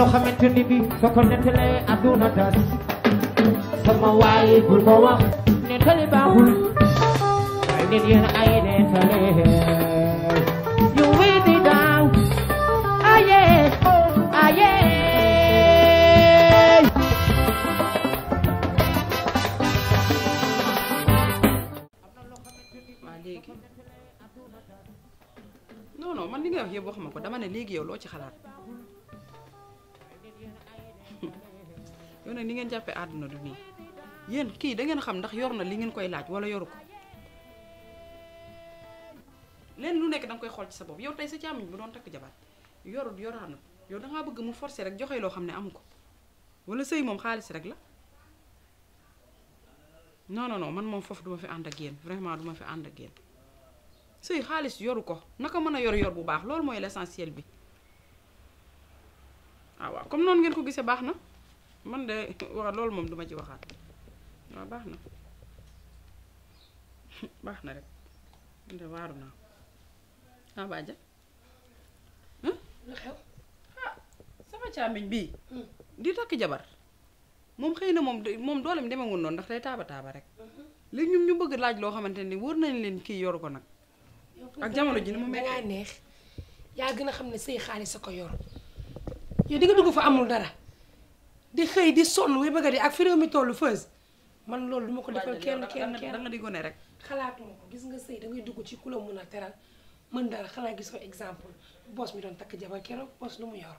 loo xamante bi soo ko nettalee àdduna sama waay bul ko wax nettali baaxul waaye nit yéen ay aye aye ko dama ne ci xalaat yow nag ni ngeen jàppee àdduna du nii yéen kii da ngeen xam ndax yor na li ngeen koy laaj wala yoru ko leen lu nekk da koy xool ci sa bopp yow tey sa càmmiñ bu doon takk jabar yorut yoraanu yow da ngaa bëgg mu forcer rek joxe loo xam ne amu ko wala sëy moom xaalis rek la non non non man moom foofu duma fi ànd ak yéen vraiment duma fi ànd ak yéen sëy xaalis yoru ko naka mën a yor yor bu baax loolu mooy l'essentiel bi ah waaw comme noonu ngeen ko gisee baax na. man de wax loolu moom duma ci waxaat waaw baax na baax na rek man de waaru naa ah baaja hmm? lu xew ah sama càmmiñ bii hmm. di takk jabar moom xëy na moom de moom doole doolem demewul noonu ndax day taaba taaba rek mhm. léegi ñun ñu bëgg laaj loo xamante ni wër nañ leen kii yor ko nag ak jamono ji ni moom mel. neex yaa gën a xam ne say xaalis a ko yor yow di nga fa amul dara di xëy di sonn way bëgg a dee ak fi réew mi tollu fees man loolu du ma ko defal kenn kenn kenn da nga di gone rek xalaatuma ko gis nga sëy da ngay dugg ci ku la mun a teral mën dara xanaa gis ko example boos mi doon takk jabar keroog boos nu mu yor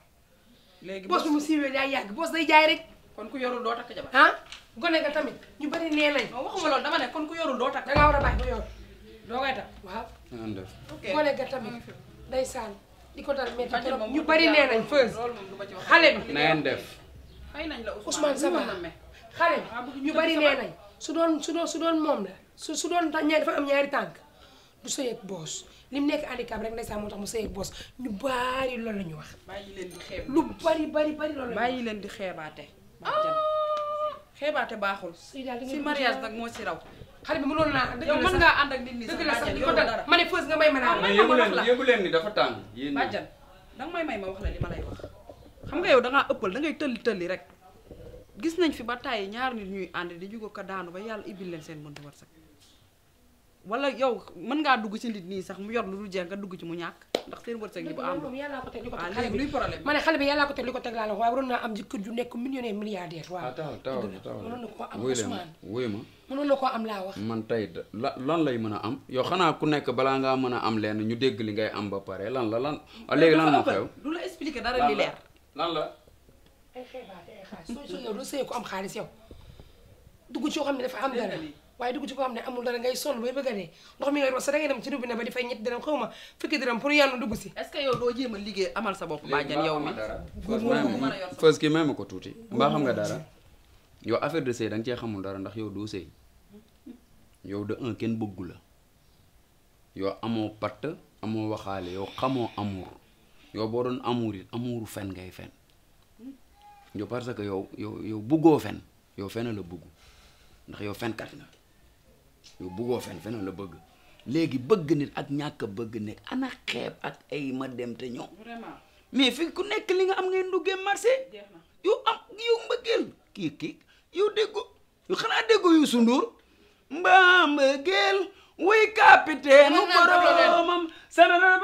léegi boos bi mu siiwee daa yàgg boos day jaay rek kon ku yorul doo takk jabar ah gone ga tamit ñu bari nee nañ waxuma loolu dama ne kon ku yorul doo takk da nga a bàyyi ba yor doo koy takk waaw gone tamit day saan di ko dal metti ñu bari nee nañ fees xale bi na ngeen def xëy nañ la Ousmane Saba xale ah, ñu bari nee su doon su doon su doon moom la su su doon ñaar dafa am ñaari tànk du sëyeeg boos li mu nekk handicap rek ndeysaan moo tax mu sëyeeg boos ñu bari loolu la ñu wax. bàyyi leen di xeeb lu bari bari bari loolu la bàyyi leen di xeebaate. Ah! xeebaate baaxul. si mariage nag moo si raw. xale bi mënoon naa dëgg la sax yow mën ngaa ànd ak nit ñi dëgg la sax li ne fës nga may ma naa. Ah, ma yëgu leen lay wax xam nga yow da ngay tëlli tëlli rek gis nañ fi ba tàyyi ñaar nit ñuy ànd di jugo ko daanu ba yàlla ibil leen seen buntu war sax wala yow mën ngaa dugg ci nit nii sax mu yor lu dul jeex dugg ci mu ñàkk ndax seen wërsëg yi bu am ah, xale bi luy problème ma ne xale bi yàllaa ko teg li ko teg laa la waaye waroon naa am jëkkër ju nekk millionnaire milliardaire waaw ah, taxaw taxaw taxaw am Ousmane wuy ma mënoon na koo am laa wax man tey la lan lay mën a am yow xanaa ku nekk balaa ngaa mën a am leen ñu dégg li ngay am ba pare lan la lan léegi lan moo xew du la expliqué dara li leer lan la. ay xeebaate ay xaalis soo soo yow doo sëyee ko am xaalis yow dugg ci yoo xam ne dafa am dara waaye dugg ci koo xam ne amul dara ngay sol bay bëgg a dee ndox mi ngay roose dangay dem ci robinet ba di fay ñetti xaw ma fukki dërëm pour yàlla dugg si. est-ce que yow doo jéem a liggéey amal sa bopp bàjjan yow mi. fës ko tuuti. mbaa xam nga dara yow affaire de sëy da xamul dara ndax yow doo sëy yow de un kenn bëggu la yow amoo patt amoo waxaale yow xamoo amour yow boo doon amuur it amuuru fen ngay fen yow parce que yow yow yow bëggoo fen yow fen la bëgg ndax yow fenkat nga yow bëggoo fen fen la bëgg léegi bëgg nit ak ñàkk bëgg nekk ana xeeb ak ay ma dem te ñëw mais fi ku nekk li nga am ngay nduggee marché yow am yow mbëggeel kii kii yow déggoo yow xanaa déggoo yu sunduur mbaa mbëggeel wuy capitaine mu boromam saranan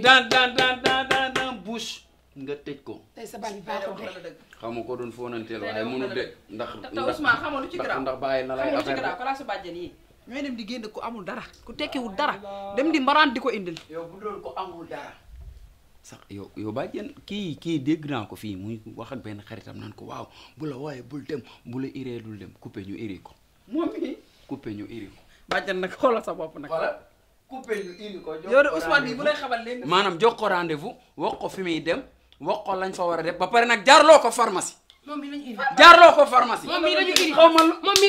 dan dan dan dan dan bouche nga tëj ko. tey sa bàyyi baaxul de. xamu ko doon foonanteel waaye mënu de. ndax ndax ndax bàyyi na lay affaire bi. ñooy dem di génn ku amul dara ku tekkiwul dara dem di maraan di ko indil. yow bu ko amul dara. sax yow kii kii dégg naa ko fii muy wax ak benn xaritam naan ko waaw bu la waaye bul dem bu la iree dul dem coupé ñu iree coupé ñu iri ko. bàjjan nag xoolal sa bopp nag. voilà coupé ñu iri ko. jox ko rendez-vous yow de Ousmane bi bu lay dem wax ko fa war a def ba pare nag jaarloo ko pharmacie. moom mii la ñu iri ñu iri xaw ma moom ñu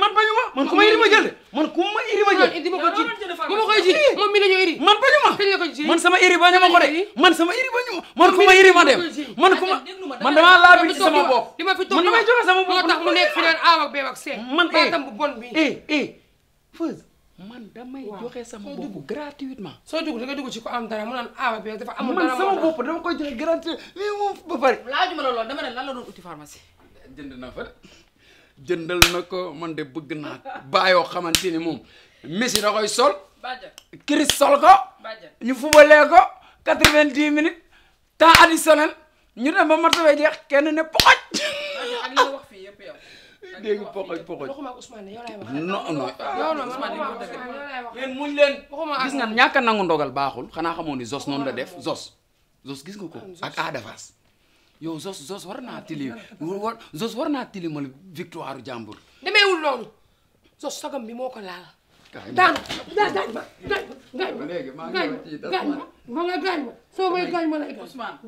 ma man ku iri ma jël man ku iri ma jël. man ko iri. ma dem man ku man damaa laa bi sama bopp man damay joxe sama bopp aaw ak beew ak see. man eh, baatam bu bon bi eh eh Feuz man damay joxe sama bopp gratuitement. soo dugg da nga dugg ci ko am dara mu naan aaw ah, ak beew dafa amul dara man sama bopp dama koy joxe gratuit mais moom ba pare. laajuma la loolu dama ne lan la doon uti pharmacie. jënd na fa jëndal na ko man de bëgg naa bàyyoo xamante ni moom Messi da koy sol. Chris sol ko. ñu fubalee ko quatre-vingt-dix minutes temps additionnel ñu dem ba matawee jeex kenn ne poxoj. yow. dégg nga poxoy poxoy waxuma ak Ousmane yow laay wax. non non non non Ousmane yow laay wax. yéen muñ leen. gis nga ñàkk a nangu ndogal baaxul xanaa xamoon ni Zos noonu la def Zos. Zos gis nga ko ak Ada Fass yow Zos Zos war naa ah, tili war Zos war naa tilimal victoire jàmbur. demeewul loolu Zos sagam bi moo ko laal. daanu daanu daanu ma daanu ma léegi maa ngi gaañ ma ma nga gaañ ma soo may gaañ ma lay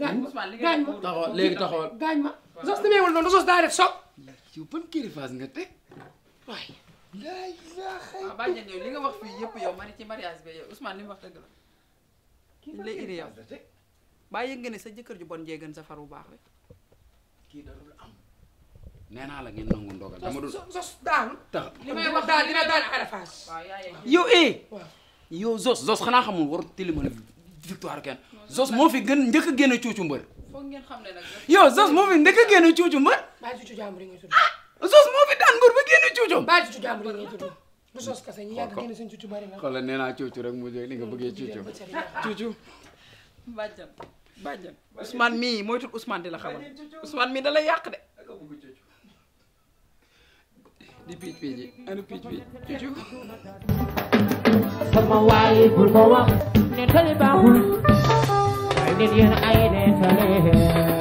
gaañ ma gaañ ma taxawal léegi taxawal gaañ ma Zos demeewul noonu Zos daa def soog yow ban kilifaas nga teg waay. yaa yaa xëy na bàjjen yow li nga wax fii yëpp yow mari ci mariage bi yow Ousmane li mu wax dëgg la. kii lay indi yow baa yëg nga ne sa jëkkër ju bon jee gën sa far bu baax rek. kii da dul am. nee naa la ngeen nangu ndogal dama dul zos daanu. tax li may wax daal dina daan arafaas. yow eh. yow zos zos xanaa xamul warut tilimal victoire kenn Zos moo fi gën njëkk a génne cuucu mbër. foog ngeen xam ne nag yow Zos moo fi njëkk a génne cuucu mbër. baa cuucu jàmbur yi nga ah! Zos moo daan mbër ba génne cuucu. baa cuucu jàmbur yi nga tudd. du Zos la nee naa cuucu rek mu jógee ni nga bëggee cuucu. cuucu. bàjjan bàjjan Ousmane mii mooy tudd Ousmane di la xamal Ousmane mii da lay yàq de. di piic piic anu piic piic cuucu. tali baaxul ay nit yéen ay nettali